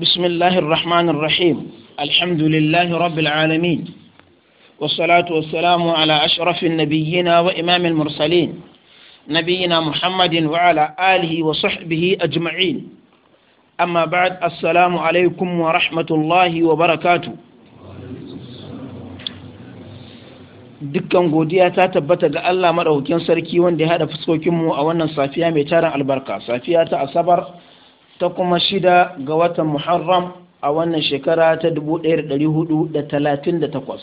بسم الله الرحمن الرحيم الحمد لله رب العالمين والصلاة والسلام على أشرف النبيين وإمام المرسلين نبينا محمد وعلى آله وصحبه أجمعين أما بعد السلام عليكم ورحمة الله وبركاته dukkan godiya ta tabbata ga Allah maɗaukin sarki wanda ya haɗa fuskokinmu a wannan safiya mai tarin albarka safiya ta asabar ta kuma shida ga watan Muharram a wannan shekara ta 1438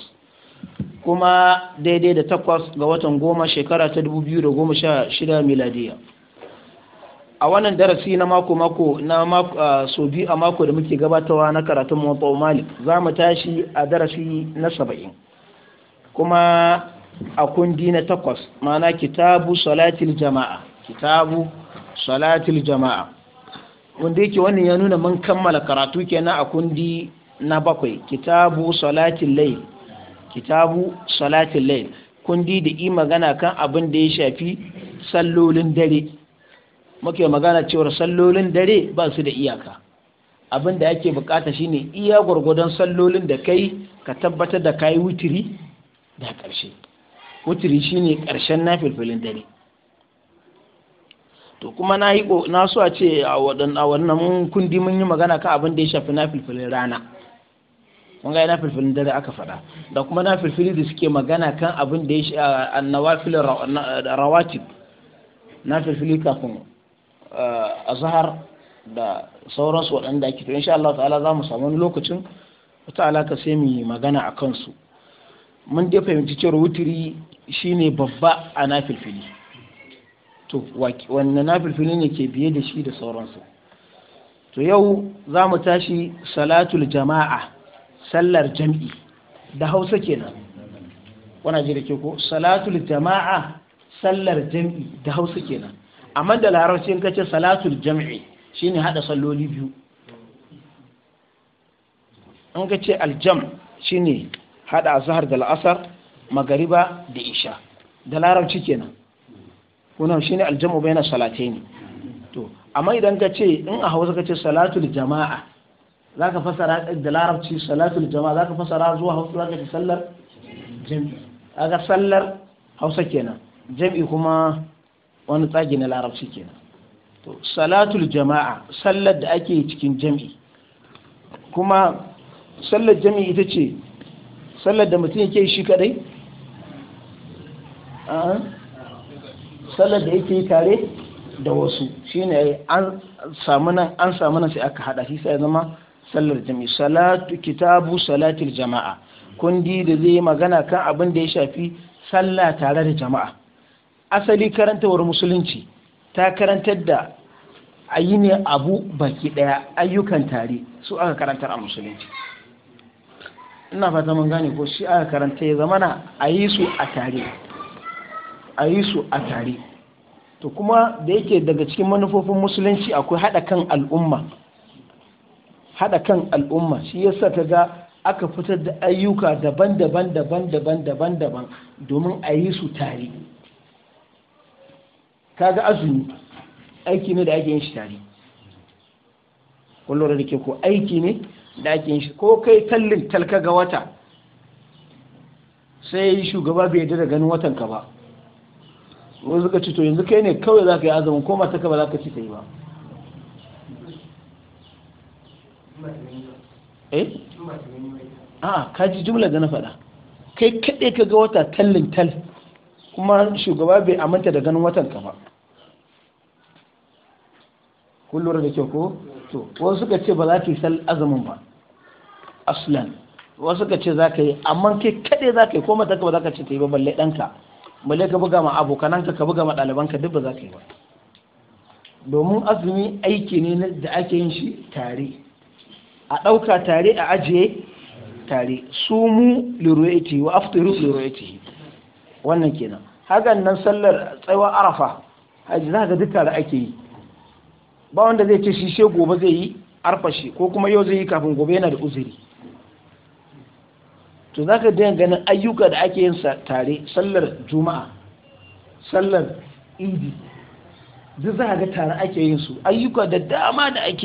kuma daidai da takwas ga watan goma shekara ta 2016 miladiya a wannan darasi na mako-mako na so biyu a mako da muke gabatawa na karatun mawata malik za mu tashi a darasi na saba'in kuma a kundi na takwas mana kitabu salatil jama'a kitabu salatil jama'a wanda yake wannan ya nuna mun kammala karatu kenan a kundi na bakwai kitabu salatin layl kitabu salatin layl kundi da yi magana kan abin da ya shafi sallolin dare muke magana cewar sallolin dare ba su da iyaka abin da ake bukata shine iya gwargwadon sallolin da kai ka tabbatar da kayi wutiri da ƙarshe wutiri shine ƙarshen filfilin dare to kuma na yi na so a ce a wannan kundi mun yi magana kan abin da ya shafi na filfilin rana kun ga na filfilin dare aka faɗa da kuma na filfili da suke magana kan abin da ya shi annawafil rawatib na filfili kafin azhar da sauransu waɗanda ake to insha Allah ta'ala za mu samu lokacin wata alaka sai mu yi magana a kansu mun dai fahimci cewar wuturi shine babba a na to wanne nafilfili ne ke biye da shi da sauransu to yau za mu tashi salatul jama'a sallar jam'i da hausa kenan wana ji da ke ko salatul jama'a sallar jam'i da hausa kenan amma da larabci in kace salatul jam'i shine hada salloli biyu in kace aljam shine hada Zahar da al'asar magariba da isha da larabci kenan shi ne aljamu bai na salate ne to amma idan ka ce in a Hausa ka ce salatul jama'a za ka fasara da larabci salatul jama'a ka fasara zuwa Hausa ka ce sallar jam'i aga sallar Hausa kenan jami'i kuma wani tsagi na larabci kenan to salatul jama'a sallar da ake cikin jami'i kuma sallar jami'i ita ce sallar da mutum yake shi kadai sallar da yake yi tare da wasu shine an samu an samu nan sai aka hada shi sai zama sallar jami'i salatu kitabu salatil jama'a kundi da zai magana kan abin da ya shafi sallah tare da jama'a asali karantawar musulunci ta karantar da ayi ne abu baki ɗaya ayyukan tare su aka karantar a musulunci ina fata mun gane ko shi aka karanta ya zamana a yi su a tare a yi su a tare to kuma da yake daga cikin manufofin musulunci akwai haɗa kan al'umma haɗa kan al'umma shi yasa ta ga aka fitar da ayyuka daban-daban daban-daban daban-daban domin a yi su tare kaga azumi aiki ne da ake yin shi tare kullum da ke ko aiki ne da ake yin shi ko kai kallin talka ga wata sai shugaba bai yadda da ganin watan ka ba wani suka ce to yanzu kai ne kawai za ka yi azumin ko mata ka ba za ka ci ta yi ba eh a ah, ka ji jumla da na faɗa kai kaɗai ka ga wata tallin tal kuma shugaba bai aminta da ganin watan ka ba kun da kyau ko to wasu suka ce ba za ka yi sal azumin ba aslan wasu suka ce za ka yi amma kai kaɗai za ka yi ko mata ka ba za ka ci ta yi ba balle ɗanka balle ka buga ma abokananka ka buga ma ɗalibanka duk ba za ka yi ba domin azumi aiki ne da ake yin shi tare a ɗauka tare a ajiye tare su mu liru'aiti wa aftiru liru'aiti wannan kenan hakan nan sallar tsawon arafa haji za ga duka da ake yi ba wanda zai ce shi shi gobe zai yi arfashi ko kuma yau zai yi kafin gobe yana da uzuri to za ka dinga ganin ayyuka da ake yin tare sallar juma'a sallar idi duk za ka ga tare ake yin su ayyuka da dama da ake